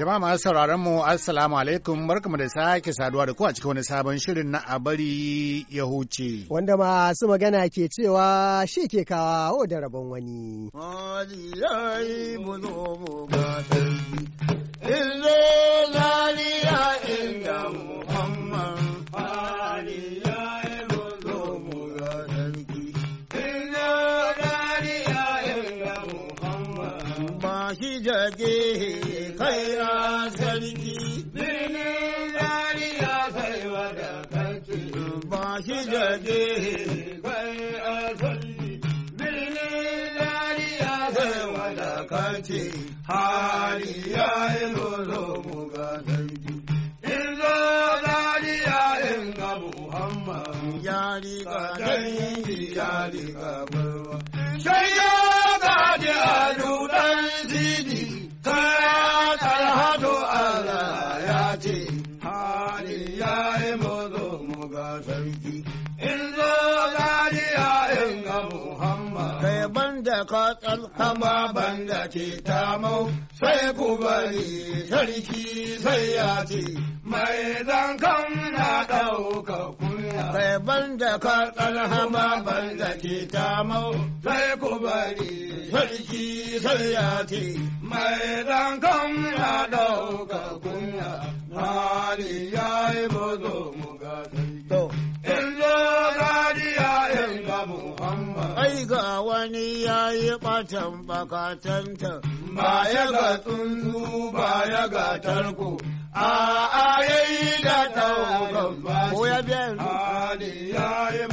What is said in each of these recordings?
Jama'a masu sauraron mu Assalamu alaikum barkamu da sake saduwa da ku a cikin wani sabon shirin na a bari ya huce. Wanda masu magana ke cewa shi ke kawo o da rabon wani. Yeah. hari ya yi lolo mu ga dangi in zo zariya in ga muhammad ya riga dangi ya riga barwa sai ya gaji a ala ya ce katsal hama banda ke tamau sai ku bari sarki sai ya ce mai kan na ɗauka kunya. Sai banda katsal hama banda ke tamau sai ku bari sarki sai ya ce mai kan na ɗauka kunya. Hali ya yi bozo mu ga sarki. Ai ga wani ya yi ɓatan bakatanta. Ba ya ga tsundu ba ya ga tarko, a a yayi da taukan ba. Ko ya biya ya yi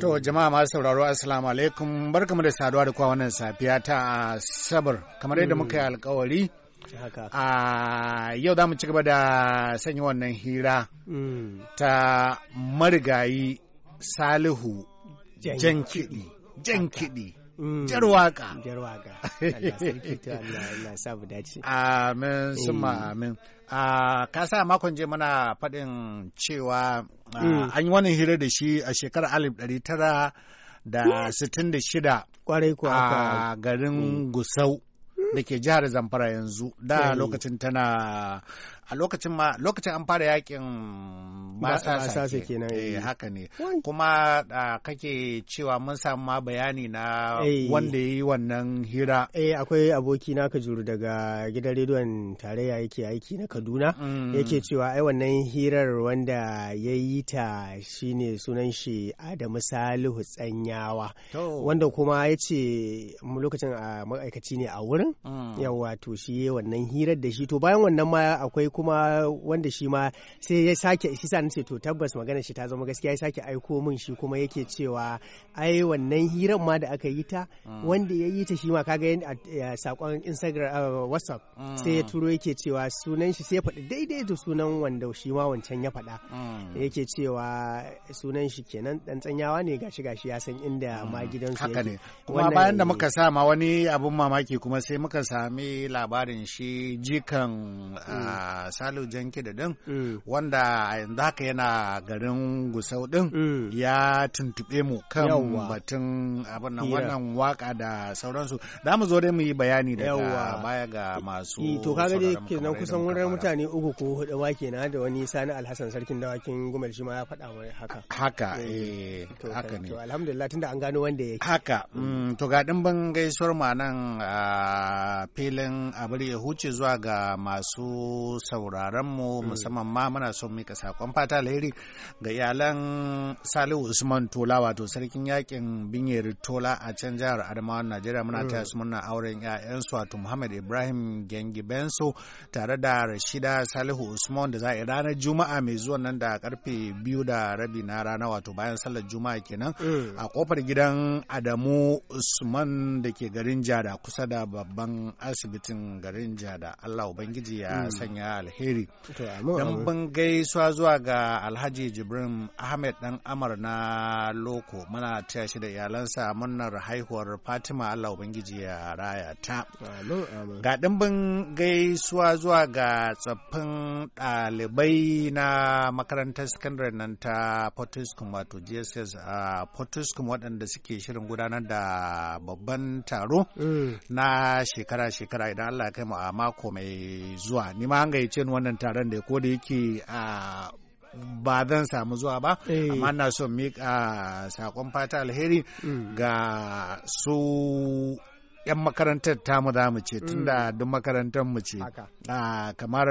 To jama'a masu sauraro asalamu alaikum barkamu da saduwa da kwa wannan safiya ta sabar kamar yadda muka yi alkawari a yau za mu ci gaba da sanya wannan hira mm. ta marigayi salihu jan kiɗi Jarwaka. Jarwaka mm. jar waka jar Allah sa mu dace amin summa mm. amin a ka sa makon je mana faɗin cewa an yi wannan hira da shi a shekarar alif ɗari tara da sittin da shida kwarai kuwa a garin gusau da ke jihar zamfara yanzu da lokacin tana a lokacin ma lokacin an fara yakin basasa kenan eh, eh haka ne kuma kake cewa mun samu ma bayani na eh. wanda yi wannan hira eh akwai aboki na Kajuru daga gidan rediyon tarayya yake aiki na Kaduna mm. yake cewa ai wannan hirar wanda yayi ta shine sunan shi Adamu Salihu Tsanyawa wanda kuma yace lokacin a ma'aikaci ne a wurin mm. yawa to shi wannan hirar da shi to bayan wannan ma akwai kuma wanda shi ma sai ya sake shi sa nace to tabbas magana shi ta zama gaskiya ya sake aiko min shi kuma yake cewa ai wannan hiran ma da aka yi ta mm. wanda ya yi ta shi ma kaga a eh, sakon Instagram eh, WhatsApp mm. sai ya turo yake cewa sunan shi sai ya faɗi daidai da sunan wanda shi ma wancan ya faɗa mm. yake cewa sunan shi kenan dan tsanyawa ne gashi gashi ya san inda ma gidansu haka ne kuma bayan da muka sa ma wani abun mamaki kuma sai muka sami labarin shi jikan ah, Salu Janki da din mm. wanda yanzu haka yana garin Gusau din mm. ya tuntube mu kan batun abin nan wannan waka da sauransu da mu zo dai mu yi bayani daga baya ga masu to kaga dai kenan kusan wurin mutane uku ko hudu ma kenan da wani Sani Alhassan sarkin dawakin Gumal shi ma ya faɗa mai haka haka mm. eh haka ne to alhamdulillah tunda an gano wanda yake haka to ga ban gaisuwar ma nan a filin abin ya huce zuwa ga masu mu mm. musamman ma muna son mika sakon fata lahiri ga iyalan Salihu Usman Tola wato sarkin yakin Binyeri Tola a can jihar Adamawa Najeriya muna mm. taya su murna auren su wato Muhammad Ibrahim Gengi Benso tare da Rashida Salihu Usman da za a yi ranar Juma'a mai zuwa nan da karfe biyu da rabi na rana wato bayan sallar Juma'a kenan mm. a kofar gidan Adamu Usman da ke garin Jada kusa da babban asibitin garin Jada Allah Ubangiji ya sanya alheri don ban gaisuwa zuwa ga alhaji jibrin ahmed dan amar na loko muna taya shi da iyalansa murnar haihuwar fatima allah ubangiji ya raya ta ga dimbin gaisuwa zuwa ga tsaffin ɗalibai na makarantar sakandare nan ta potuskum wato jss a potuskum waɗanda suke shirin gudanar da babban taro mm. na shekara-shekara idan allah ya kai mu a mako mai zuwa ni ma an albarkacin wannan taron da ko da yake a ba zan samu zuwa ba eh. amma na son mika sakon fata alheri mm. ga su 'yan makarantar tamu za mu ce tunda mm. duk makarantar mu ce kamar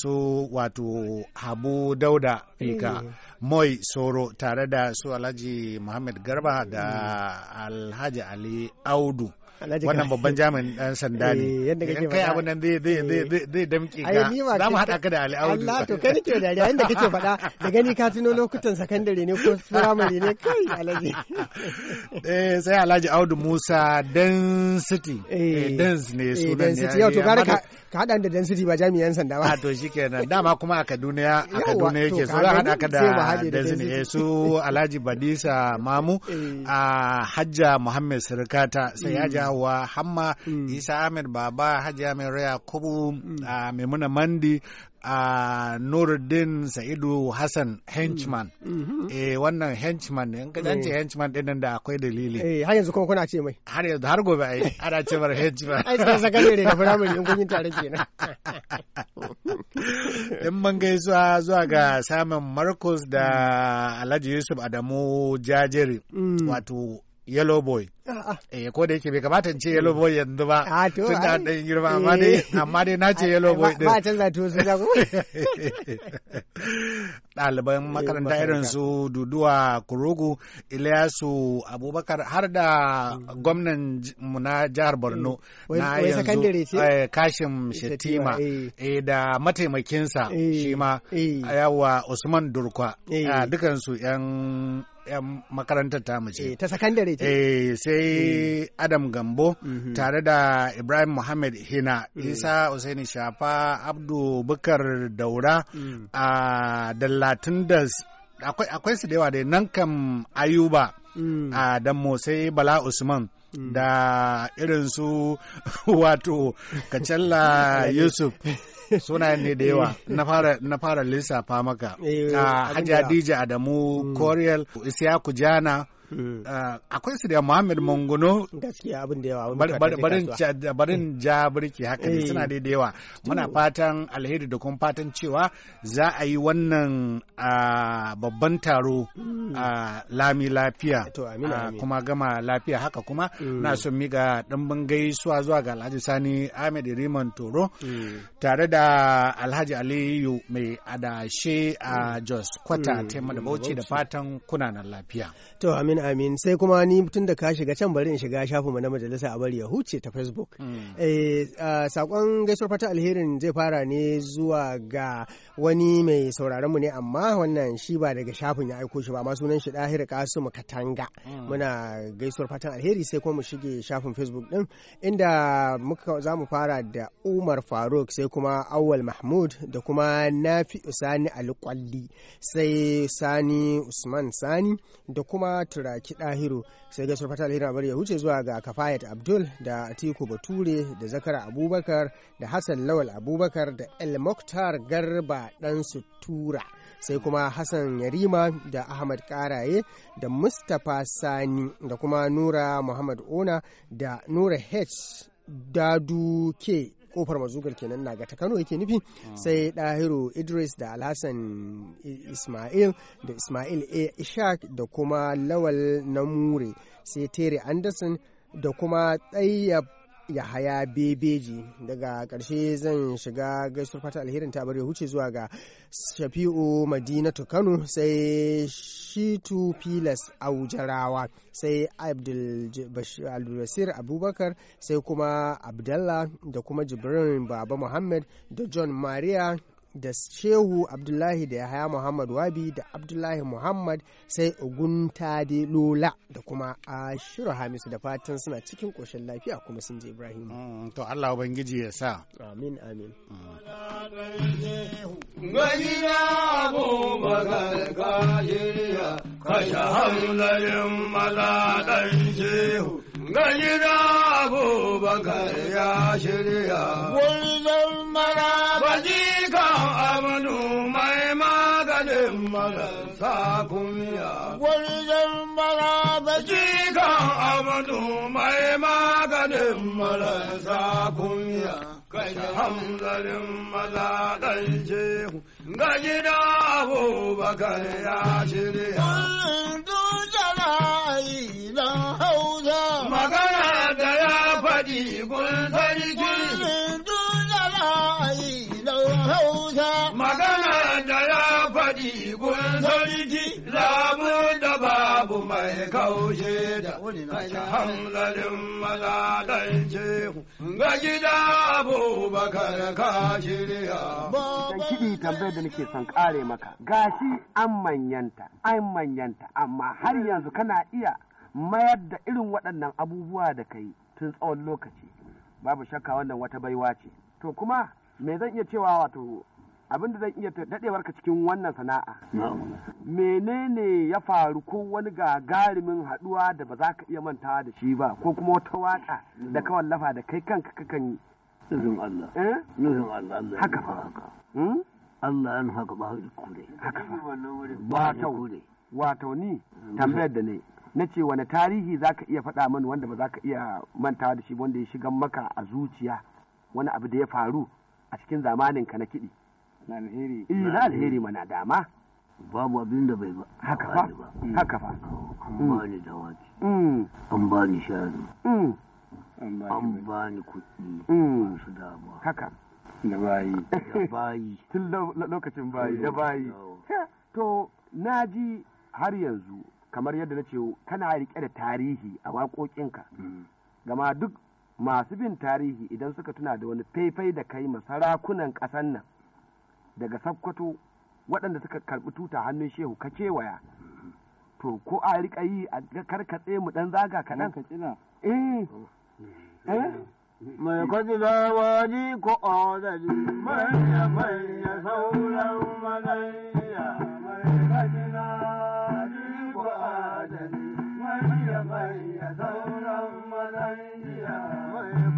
su wato habu dauda fika eh. moi soro tare da su alhaji muhammad garba da alhaji ali audu wannan babban jami'in dan sanda ne eh, yanda kake kai abin nan zai zai eh. zai zai damke ka za mu hada ka da Ali Allah to kai nake da yayin da kake faɗa da gani ka tuno lokutan secondary ne ko primary ne kai alaji eh sai alaji Audu Musa dan City eh, eh dan ne sunan ne yau to gara ka haɗa da density ba jami'an sanda ba ah, to shikenan dama kuma a Kaduna a Kaduna yake so za haɗa ka da density eh, su Alhaji Badisa Mamu eh. a Hajja Muhammad Sirkata sai ya mm. jawa Hamma mm. Isa Ahmed Baba Hajji Ahmed Raya Kubu mm. Maimuna Mandi a nuruddin sa'idu hassan henchman e wannan henchman ne ka ce eh. henchman ɗin da akwai dalili eh har yanzu kuma kuna ce mai har yanzu har gobe ai ana ce mar henchman ai sai sakandare da firamare in kun yi tare kenan in man gaisuwa zuwa ga samun marcus da mm. alhaji yusuf adamu jajiri mm. wato yellow boy eh ko da yake bai kamata in ce yellow eh. boy yanzu ba ah, tun da dan girma amma dai eh. amma dai na ce yellow boy din ba canza to su ko ɗaliban eh, makaranta irin su duduwa kurugu ilyasu abubakar har da hmm. gwamnan mu na jihar borno na yanzu kashim shetima da mataimakinsa shi ma yawa usman durkwa ah, dukansu yan yan makarantar ta mace eh, ta sakandare ce eh sai mm. Adam Gambo mm-hmm. tare da Ibrahim Muhammad Hina mm. Isa Usaini Shafa Abdu Bukar Daura mm. a dallatin da akwai su da yawa dai nan kam Ayuba a Dammo sai Bala Usman da irin su wato Kacalla Yusuf sunayen ne da yawa eh. na fara lissafa maka eh, ah, Hajji Adija Adamu mm. Coriel Isiyaku Jana Hmm. Eh, akwai su da Mangono gaskiya abin barin hmm. ja birki haka ne suna eh. da yawa muna fatan alheri da kuma fatan cewa za a yi wannan babban taro hmm. a lami lafiya kuma gama lafiya haka kuma na son miga bangai gaisuwa zuwa ga Alhaji Sani Ahmed Riman Toro tare da Alhaji Aliyu mai adashe a Jos Kwata taimada Bauchi da fatan kuna lafiya amin amin sai kuma ni tun da ka shiga can bari in shiga shafin mu na majalisa a bari ya huce ta facebook mm. eh, ah, sakon gaisuwar fata alherin zai fara ne zuwa ga wani mai sauraron mu ne amma wannan shi ba daga shafin ya aiko shi ba amma sunan shi dahir kasimu katanga mm. muna gaisuwar fatan alheri sai kuma mu shige shafin facebook din inda muka za mu fara da umar faruk sai kuma awwal mahmud da kuma nafi usani alƙwalli sai sani usman sani da kuma raki ɗahiru sai gaisuwar fatal hira bar ya huce zuwa ga kafayat abdul da atiku bature da zakara abubakar da hassan lawal abubakar da el moktar garba dan Tura, sai kuma hassan yarima da ahmad karaye da mustapha sani da kuma nura muhammad ona da nura h dadu ke kofar mazugar kenan na ga ta Kano yake nufi ah. sai Dahiru Idris da Alhassan Ismail da Ismail A Ishaq da kuma Lawal Namure sai Tere Anderson da kuma tsayyab ya haya Bebeji daga ƙarshe zan shiga gaisuwar fata alherin ta bari huce zuwa ga Shafi'u Madinatu Kano sai Shitu a Aujarawa sai abdulbashir Abubakar sai kuma Abdallah da kuma Jibrin Baba Muhammad da John Maria da shehu abdullahi da yahaya muhammad wabi da abdullahi muhammad sai ogun tade lola da kuma ashiru hamisu da fatan suna cikin ƙoshin lafiya kuma sun je ibrahim mm, to allah ubangiji ya sa amin amin mm. abubakar ya shirya. Wajen mara baji kan amadu mai maganin marasa kumiya. Wajen mara baji kan amadu mai maganin marasa kumiya. Kai hamzarin maza ɗan shehu, ga gida abubakar ya shirya. Kullum duk na don hau faɗi gun sarki. Magana da ya faɗi gun sarki, labu da babu mai kaushe da kashe hanzarin mazalan cehu. Ga gida abubakar ka shirya. Kiɗi tambayar da nake son kare maka, gashi an manyanta, an manyanta, amma har yanzu kana iya mayar da irin waɗannan abubuwa da kai tun tsawon lokaci babu shakka wannan wata baiwa ce to kuma me zan iya cewa wato abin da zan iya daɗewar ka cikin wannan sana'a menene ya faru ko wani gagarumin haɗuwa da ba za ka iya mantawa da shi ba ko kuma wata waka da ka wallafa da kai kanka kakan yi nufin Allah eh? nufin Allah Allah haka fa hmm? Allah yan haka ba haka kure haka ba wato ni tambayar da ne na ce wani tarihi za ka iya faɗa mani wanda ba za ka iya mantawa da shi wanda ya shiga maka a zuciya wani abu da ya faru a cikin zamanin ka na kiɗi. Na alheri. Eh na alheri mana dama. Babu abin da bai ba. Haka fa. Haka fa. An ba ni mm. dawaki. Mm. An ba ni shanu. Mm. An ba ni kuɗi. Su dama. Haka. Da bayi. Da bayi. Tun lokacin bayi. Da bayi. To na ji har yanzu kamar yadda na ce kana rike da tarihi a waƙoƙinka mm. gama duk masu bin tarihi idan suka tuna da wani faifai da kai sarakunan ƙasan nan daga sakkwato waɗanda suka karɓi tuta hannun shehu ka kewaya mm. to ko a riƙa yi a karkatse mu ɗan zaga kaɗan nan eh. eh? eh? mai waji ko odari manya manya sauran manai Ramadan, Ramadan, Ramadan, Ramadan, Ramadan, Ramadan,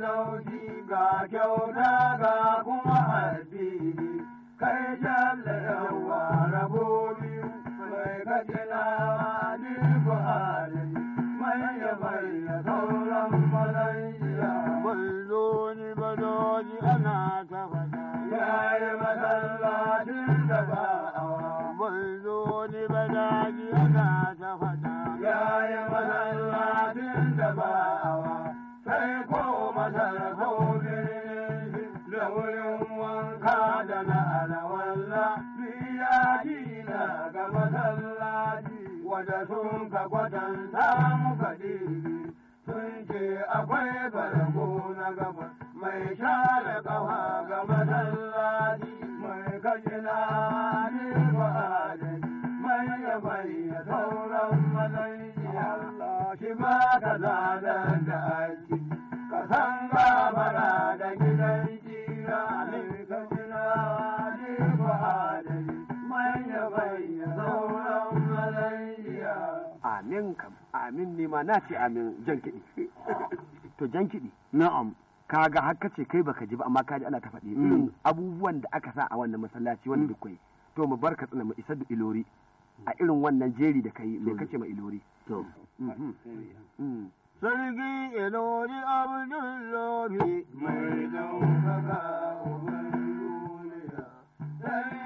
zauki ga kyauta ga da wurin wanka da na alawalla biya na ga masallaci wanda sun ka kwatanta muka ɗibi sun ce akwai bargo na gaba mai da kawa ga masallaci mai kajina ne fa'adai mai yabai ya sauran matsayi Allah shi ba ka zanen da ake ka san gabara da amin kam amin ne ma na ce amin jan kiɗi to jan kiɗi na'am ka ga haka ce kai baka ji ba amma kaji ana ta faɗi mm. irin abubuwan da aka sa a wannan masallaci wanda mm. duk kai to mu barka tsina mu isa da ilori a irin wannan jeri da kai me kace ma ilori to mm-hmm. mm. sarki ilori abdullahi mai daukaka ubangiji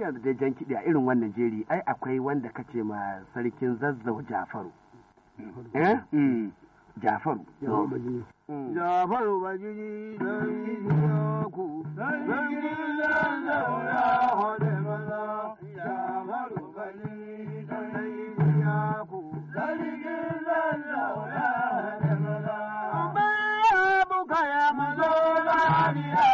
yanzu dai jan kiɗi a irin wannan jeri ai akwai wanda kace ma sarkin zazzau jafaru eh mm. jafaru jafaru bajiji mm. sarki yaku sarki zazzau ya hode maza jafaru bajiji sarki yaku sarki zazzau ya hode maza babu kaya mazo lariya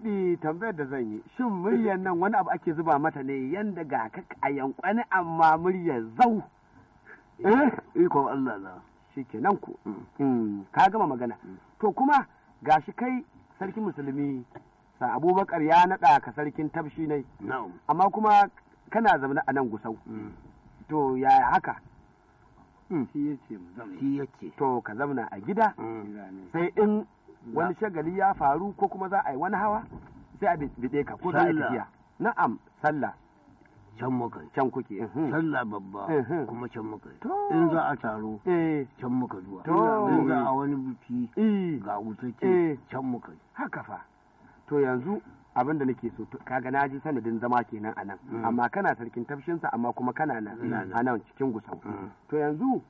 kiɗi tambayar da zan yi shin muryar nan wani abu ake zuba mata ne yanda ga a yankwani amma muryar zau eh? iko Allah na shi nan ku mm. Mm. ka gama magana mm. to kuma gashi kai sarki musulmi sa abubakar ya naɗa ka sarkin tafshi ne amma kuma kana zaune a nan gusau to ya haka shi yake to ka zauna a gida sai in wani shagali ya faru ko kuma za a yi wani hawa sai a bide ka ko za a tafiya na'am sallah can muka can kuke mhm. sallah babba mhm. kuma can muka in za a taro eh. can muka zuwa in za a wani buki. Eh. ga wutacce eh. can muka haka fa to yanzu abin da nake so kaga na ji sanadin zama kenan a nan mm. amma kana sarkin tafshinsa amma kuma kana nan a nan cikin gusau mm. to yanzu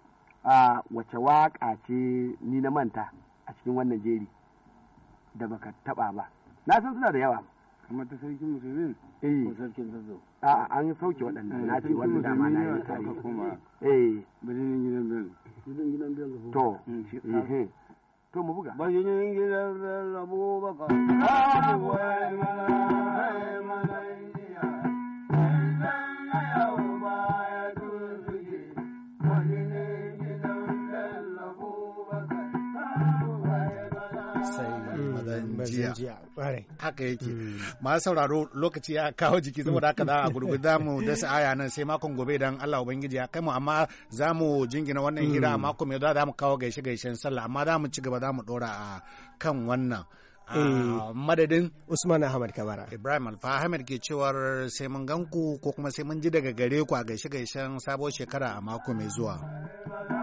a ah, wace waka ce ni na manta a cikin wannan jeri da baka taba ba na san suna da yawa kamar ta sarkin musulmin eh. ko sarkin zo a an yi sauke waɗannan na ce wanda dama na yi kuma eh birnin gidan bello gidan gidan bello to hmm. eh, eh to mu buga birnin gidan bello abubakar ah, jiya haka yake mm. masu sauraro lokaci ya kawo jiki saboda haka za a gurguda mu da aya nan sai makon gobe dan Allah ubangiji ya kai mu amma za mu jingina wannan hira a mm. mako mai za mu kawo gaishe gaishen sallah amma za mu ci gaba za mu dora a kan wannan mm. madadin Usman Ahmad Kabara. Ibrahim Alfa Ahmed ke cewar sai mun ganku ko kuma sai mun ji daga gare ku a gaishe gaishen sabuwar shekara a mako mai zuwa.